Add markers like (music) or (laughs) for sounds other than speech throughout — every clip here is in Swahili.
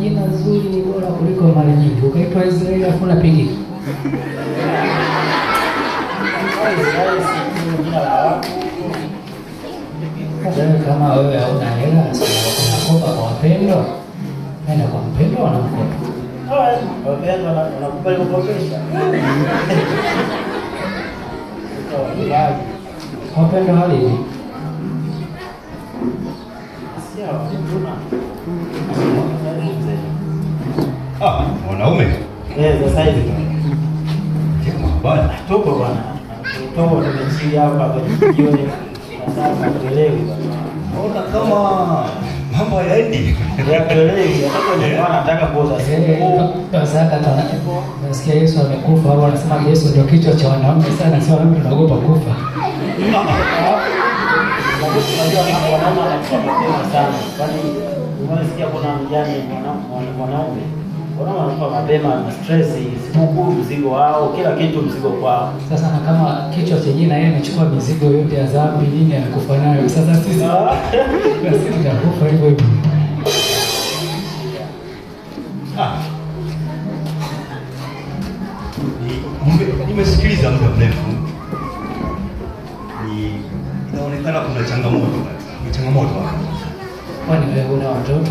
jina zuri ni bora kuliko mali nyingi. Ukaitwa Israeli afu unapigika. Kama wewe hauna hela, unakopa kwa wapendwa, enda kwa mpendwa, wanakopa wapendwa hali mwanaume. Eh, sasa hivi. Jema bwana. Tuko bwana. Tuko tumesikia hapa kwa jioni. Sasa tuelewe bwana. Ona kama mambo yaendi. Yaelewi, hata nilikuwa eh. nataka kuuza eh, simu. Eh, sasa hata nasikia Yesu amekufa au anasema Yesu ndio kichwa cha wanaume sana, sio wanaume tunaogopa kufa. Wanaume wanasema sana. Kwani unasikia kuna mjane mwanaume Unaona wanakuwa mapema na stress, sikukuu mzigo wao, kila kitu mzigo kwao. Sasa na kama kichwa chenyewe na yeye amechukua mizigo yote ya dhambi, nini anakufa nayo? Sasa sisi ah. na sisi tutakufa hivyo hivyo. Ah. Nimesikiliza muda mrefu, ni inaonekana kuna changamoto, ni changamoto. Kwani wewe una watoto?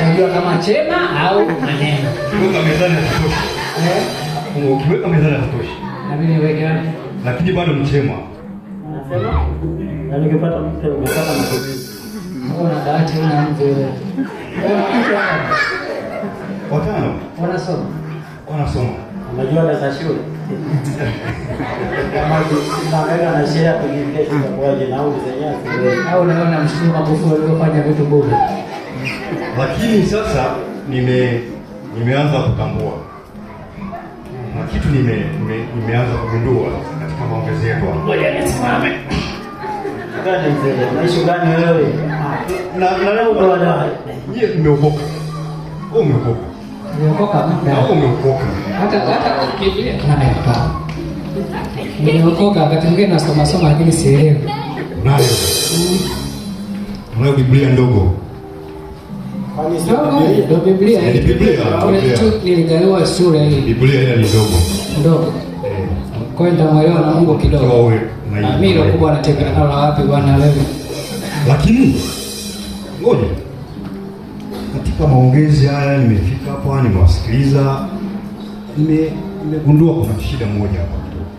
atajua kama chema au maneno. Weka mezani kutosha. Eh? Weka mezani kutosha. Na mimi niweke wapi? Lakini bado mchema. Anasema? Na ningepata mtu ungepata mtu. Una dawati una mtu wewe. Watano. Wanasoma. Wanasoma. Unajua darasa shule. Kama tunaweza na unaona mshuma kufu aliyofanya vitu bora. Lakini sasa nime nimeanza kutambua na kitu nime, nime, nimeanza kugundua katika maongezi yetu. Ngoja nisimame. Nyie mmeokoka, umeokoka Niliokoka wakati mwingine nasoma soma, lakini sielewi. Unayo Biblia ndogo ndio Biblia. shule ndogo. Ndogo. Eh. Kwenda na Mungu kidogo. Mimi ndio kubwa natembea nalo wapi bwana leo. Lakini ngoja. Katika maongezi haya nimefika hapa nimewasikiliza. Nimegundua kuna shida moja hapa kidogo.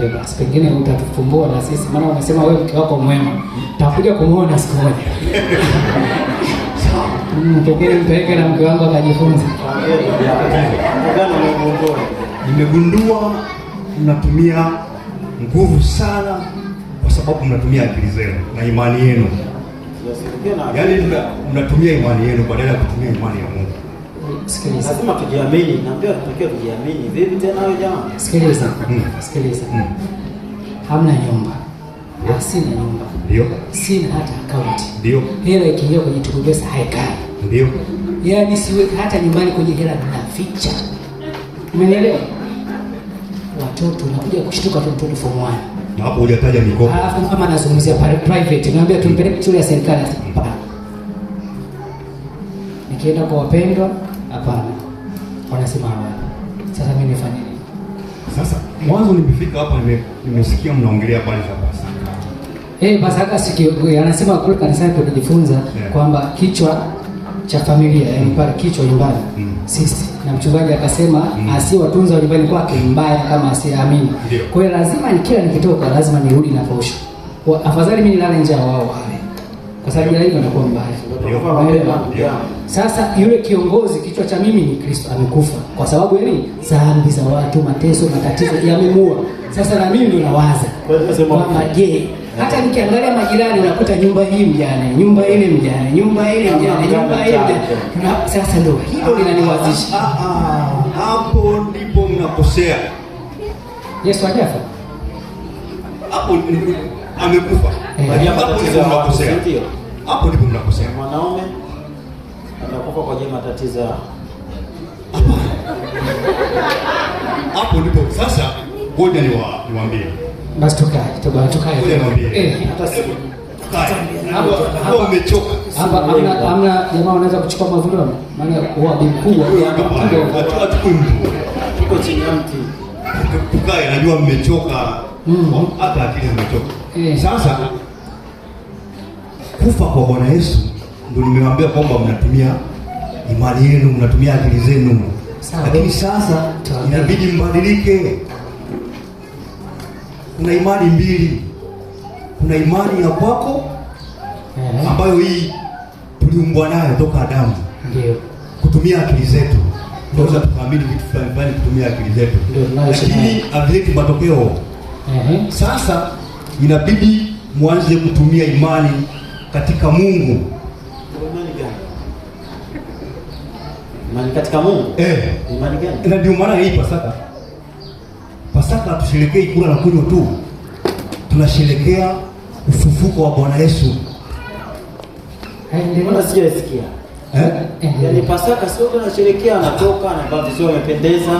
Tuambie basi pengine utatufumbua na sisi maana wanasema wewe mke wako mwema. Takuja kumwona siku moja pengine mpeleke na mke wangu akajifunza. Nimegundua mnatumia nguvu sana kwa sababu mnatumia akili zenu na imani yenu, yaani mnatumia imani yenu badala ya kutumia imani ya Mungu. Sikiliza, lazima tujiamini, naambiwa tunatakiwa tujiamini. Vipi tena wewe jamaa? Sikiliza, mm. sikiliza, mm. hamna nyumba na sina nyumba, sina hata akaunti, ndio hela ikiingia kwenye Tukupesa haikai ndio. Yaani siweki hata nyumbani kwenye hela ninaficha. Umeelewa? Watoto nakuja kushtuka tu mtoto form 1. Na hapo hujataja mikopo. Alafu kama anazungumzia private, naambia tumpeleke shule ya serikali hapana. Nikienda kwa wapendwa hapana. Wanasema hapana. Sasa mimi nifanye nini? Sasa mwanzo nimefika hapa nimesikia mnaongelea habari za Pasaka. Eh, Pasaka sikio anasema kule kanisani tunajifunza yeah, kwamba kichwa cha familia yani mm. pale kichwa nyumbani mm. sisi na mchungaji akasema mm. asiwatunza nyumbani kwake mbaya kama asiamini. Kwa hiyo lazima kila nikitoka lazima nirudi na posho. Afadhali mimi nilale nje wao wale, kwa sababu ya hiyo nakuwa mbaya. Sasa yule kiongozi kichwa cha mimi ni Kristo amekufa kwa sababu yani dhambi za watu, mateso, matatizo yamemuua. Sasa na mimi ndo nawaza kwamba je, hata nikiangalia majirani unakuta nyumba hii mjane, nyumba ile mjane, nyumba ile mjane, nyumba ile mjane. Na sasa ndo hilo linaniwazisha. Ah, ah, ah. Hapo ndipo mnakosea. Yesu ajafa Hapo amekufa. Eh. Hapo ndipo mnakosea. Hapo ndipo mnakosea. Mwanaume anakufa kwa ajili ya matatizo. Hapo ndipo sasa, ngoja niwaambie. Basi tukae, toba tukae. Eh, hata si. Hapo umechoka. Hapa hamna hamna jamaa wanaweza kuchukua mavuno. Maana huwa bi mkubwa ndio tuko chini ya mti. Tukae, najua mmechoka. Mm-hmm. Hata akili imechoka. Eh. Sasa kufa kwa Bwana Yesu ndio nimewaambia kwamba mnatumia imani yenu, mnatumia akili zenu. Lakini sasa inabidi mbadilike kuna imani mbili. Kuna imani ya kwako eh. ambayo hii tuliumbwa nayo toka Adamu, kutumia akili zetu tunaweza tukaamini vitu fulani fulani kutumia akili zetu, lakini havileti matokeo. Eh. Sasa inabidi mwanze kutumia imani katika Mungu. Imani katika Mungu eh, imani gani? Na ndio maana hii Pasaka Pasaka tusherekee kula na kunywa tu, tunasherekea ufufuko wa Bwana Yesu. Eh, Mbona sijasikia? Eh? Yaani Pasaka sio tunasherekea anatoka anavaa vizuri amependeza.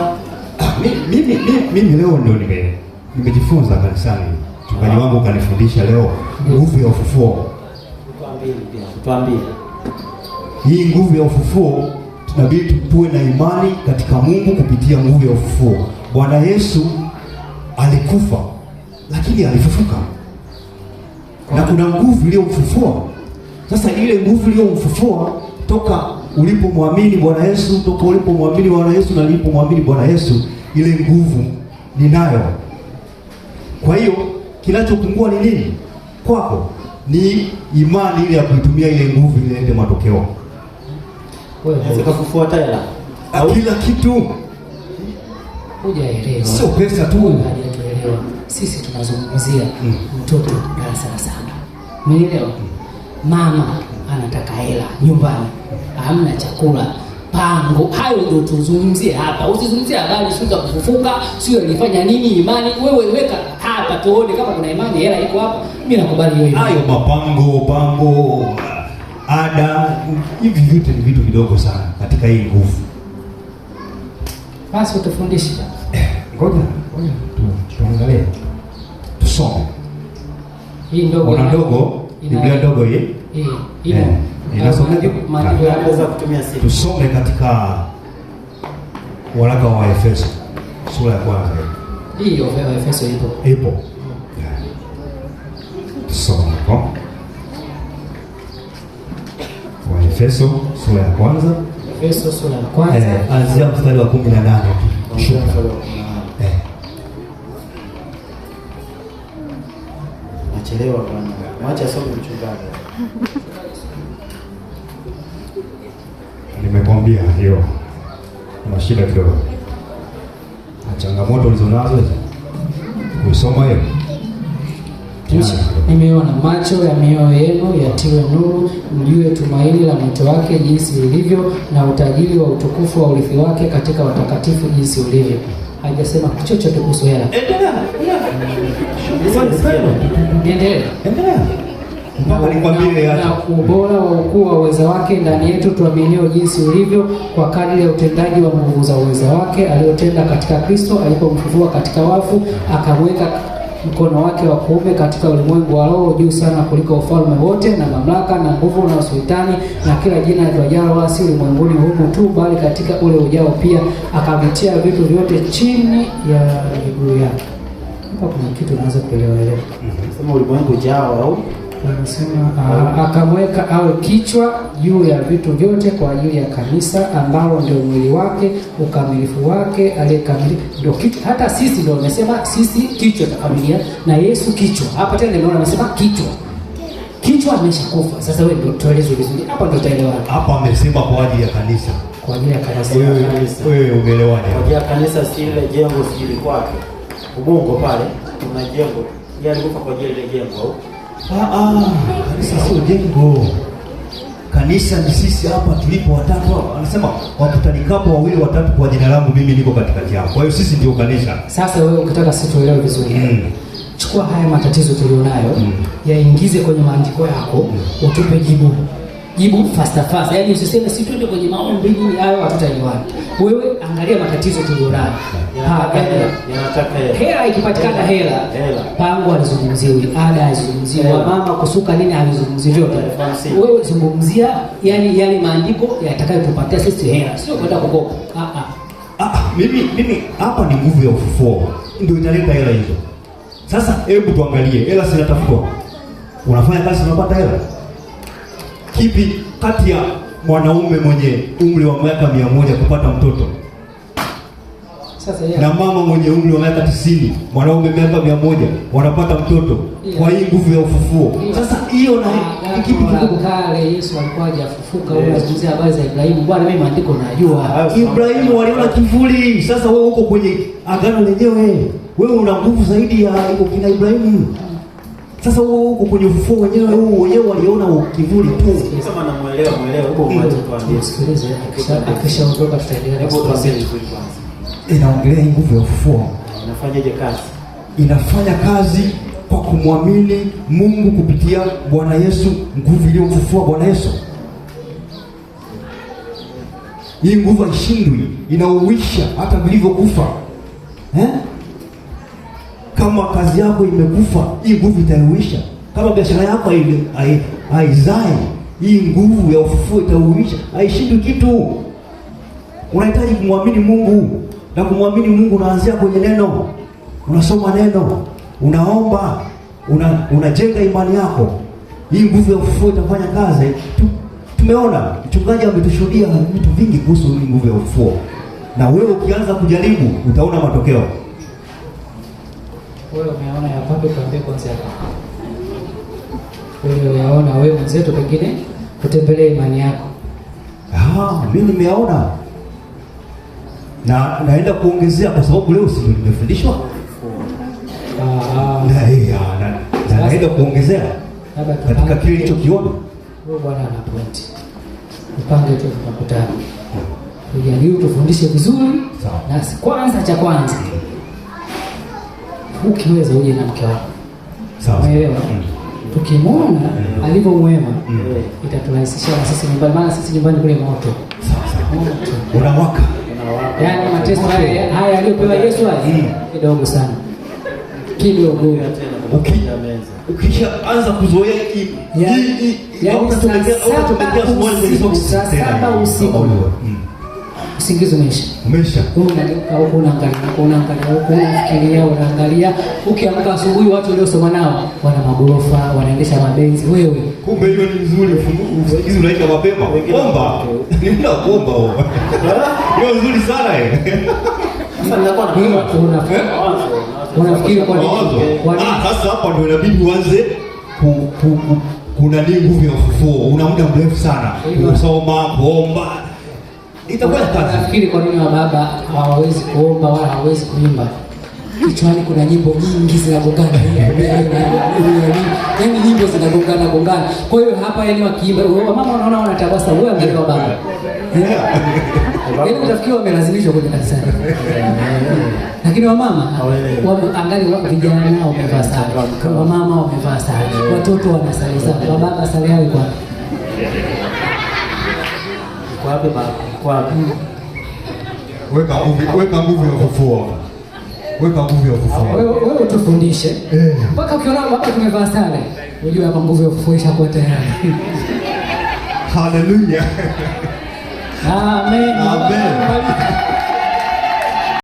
Ah, mimi mimi leo ndio nime nimejifunza kanisani. Mchungaji wangu kanifundisha leo nguvu ya ufufuo. tuambie. Hii nguvu ya ufufuo tunabidi tuwe na imani katika Mungu kupitia nguvu ya ufufuo. Bwana Yesu alikufa lakini alifufuka, na kuna nguvu iliyomfufua. Sasa ile nguvu iliyomfufua toka ulipomwamini Bwana Yesu, toka ulipomwamini Bwana Yesu na ulipomwamini Bwana Yesu, ile nguvu ninayo. Kwa hiyo kinachopungua ni nini kwako? Ni imani ile ya kuitumia ile nguvu ilete matokeo. Kila kitu sio pesa tu kuelewa. Sisi tunazungumzia mm. mtoto darasa la saba, umeelewa? Mm. Mama anataka hela nyumbani, hamna chakula pango. Hayo ndio tuzungumzie hapa, usizungumzie habari sio za kufufuka, sio nilifanya nini, imani. Wewe weka hapa tuone kama kuna imani, hela iko hapa. Mimi nakubali hayo mapango pango ada hivi vyote ni vitu vidogo sana katika hii nguvu. Basi utufundishi eh, ngoja ngoja tuangalie tusome hii ndogo ndogo Biblia ndogo hii hii inasomaje? Tusome katika waraka wa Efeso sura ya kwanza. Hiyo ya Efeso ipo. Ipo. Tusome Wa Efeso sura ya kwanza. Efeso sura ya kwanza. Eh, anzia mstari wa 18. Shuka. amechelewa bwana, mwacha asome mchungaji. Nimekwambia hiyo una shida kidogo na changamoto ulizonazo kusoma hiyo nimeona macho ya mioyo yenu yatiwe nuru, mjue tumaini la mwito wake jinsi ilivyo na utajiri wa utukufu wa urithi wake katika watakatifu jinsi ulivyo hajasema chochote kuhusu hela. Endelea. Endelea. Endelea. ubora wa ukuu wa uweza wake ndani yetu tuaminio jinsi ulivyo kwa kadri ya utendaji wa nguvu za uweza wake aliotenda katika Kristo alipomfufua katika wafu akamweka mkono wake wa kuume katika ulimwengu wa roho juu sana kuliko ufalme wote na mamlaka na nguvu na usultani na kila jina litajalo, si ulimwenguni humu tu, bali katika ule ujao pia. Akavitia vitu vyote chini ya miguu yake. Hapa kuna kitu naweza kuelewa. Mm-hmm. Sema ulimwengu ujao au Anasema ah, akamweka awe kichwa juu ya vitu vyote kwa ajili ya kanisa, ambao ndio mwili wake, ukamilifu wake, aliyekamilika ndio kichwa. Hata sisi ndio amesema sisi kichwa cha familia na Yesu kichwa. Hapa tena nimeona anasema kichwa, kichwa ameshakufa. Sasa wewe ndio tueleze vizuri hapa, ndio utaelewa. Hapa amesema kwa ajili ya kanisa, kwa ajili ya kanisa. Wewe wewe umeelewaje? Kwa ajili ya kanisa, si ile jengo, si ile kwake ubongo pale kuna jengo, yeye alikufa kwa ajili ya jengo au Ah, ah, kanisa sio jengo. Kanisa ni sisi hapa tulipo watatu. Anasema wakutanikapo wawili watatu kwa jina langu, mimi niko katikati yao. Kwa hiyo sisi ndio kanisa. Sasa wewe ukitaka sisi tuelewe vizuri eh, mm. Chukua haya matatizo tulionayo mm. yaingize kwenye maandiko yako mm. utupe jibu jibu fast fast. yaani usiseme si twende kwenye maombi ili hayo hatutaelewana. Wewe angalia matatizo tuliyonayo, hela ikipatikana, hela pango alizungumziwi, ada alizungumziwi, mama kusuka nini alizungumziwi, vyote wewe zungumzia, yani yale yaani maandiko yatakayotupatia sisi hela, sio kwenda kukopa. Ah, ah. Ah, mimi mimi hapa ni nguvu ya ufufuo ndio italeta hela hizo. Sasa hebu tuangalie hela zinatafutwa, unafanya kazi unapata hela kipi kati ya mwanaume mwenye umri wa miaka mia moja kupata mtoto sasa, na mama mwenye umri wa miaka tisini mwanaume miaka mia moja wanapata mtoto yeah. kwa hii nguvu ya ufufuo yeah. Sasa hiyo na ah, kipi kale Yesu alikuwa hajafufuka, unazungumzia habari za Ibrahimu. Bwana, mimi maandiko najua Ibrahimu waliona kivuli. Sasa wewe uko kwenye agano lenyewe, wewe una nguvu zaidi ya iko kina Ibrahimu. Sasa huo huko kwenye ufufuo wenyewe huu wenyewe waliona kivuli tu. inaongelea hii Hebu kwanza. Inaongelea nguvu ya ufufuo. Inafanyaje kazi? Inafanya kazi kwa kumwamini Mungu kupitia Bwana Yesu, nguvu iliyomfufua Bwana Yesu. Hii nguvu haishindwi, inauisha hata vilivyokufa. Eh? Kama kazi yako imekufa, hii nguvu itauisha. Kama biashara yako haizai, hii nguvu ya ufufuo itauisha. Haishindi kitu. Unahitaji kumwamini Mungu, na kumwamini Mungu unaanzia kwenye neno, unasoma neno, unaomba, unajenga una imani yako. Hii nguvu ya ufufuo itafanya kazi. Tumeona mchungaji ametushuhudia vitu vingi kuhusu hii nguvu ya ufufuo, na wewe ukianza kujaribu utaona matokeo wewe umeona ya kwamba kuambia kwanza wewe unaona wewe mwenzetu, pengine kutembelee imani yako. Ah, mimi nimeona na naenda kuongezea kwa sababu leo si nimefundishwa. Ah, ah. na hii ah, na naenda kuongezea katika kile nilichokiona. Wewe bwana ana point. Upange tu tunakutana. Tujaribu tufundishe vizuri. Sawa. Na kwanza cha kwanza ukiweza uje na mke wako sawa, umeelewa? Mm. Tukimwona mm. alivyo mwema mm. itaturahisishia na sisi nyumbani, maana sisi nyumbani kule moto unawaka, yaani mateso haya haya aliyopewa Yesu haya kidogo sana, kidogo ukishaanza kuzoea yaani saa saba usiku usingizi umeisha, umeisha. unageuka huko, unaangalia huko, unaangalia huko, unafikiria, unaangalia. Ukiamka asubuhi, watu uliosoma nao wana magorofa, wanaendesha mabenzi, wewe kumbe. Hiyo ni nzuri, usingizi unaika mapema. Kuomba (laughs) ni muda kuomba huo, hiyo nzuri sana eh. Sasa na (laughs) eh? Ah, hapa ndio inabidi uanze ku kuna nguvu ya ufufuo, una muda mrefu sana kusoma, kuomba Nitakwenda. Nafikiri kwa nini wa baba hawawezi kuomba wala hawawezi kuimba? Kichwani kuna nyimbo nyingi zinagongana, yaani nyimbo zinagongana gongana. Kwa hiyo hapa, yani wakiimba, mama unaona wanatabasa, wewe angalia baba. Yaani utafikiri wamelazimishwa kwenye kanisa Lakini wamama angali vijana nao wamevaa sare, wamama wamevaa sare, watoto wanasalia zao, wababa sare yao kwa wapi wapi? Weka nguvu, weka nguvu ya kufua. Weka nguvu ya kufua. Wewe wewe utufundishe. Eh. Mpaka ukiona hapa tumevaa sare, unajua hapa nguvu ya kufua ishakuwa tayari. Hallelujah. Amen. Amen. Amen.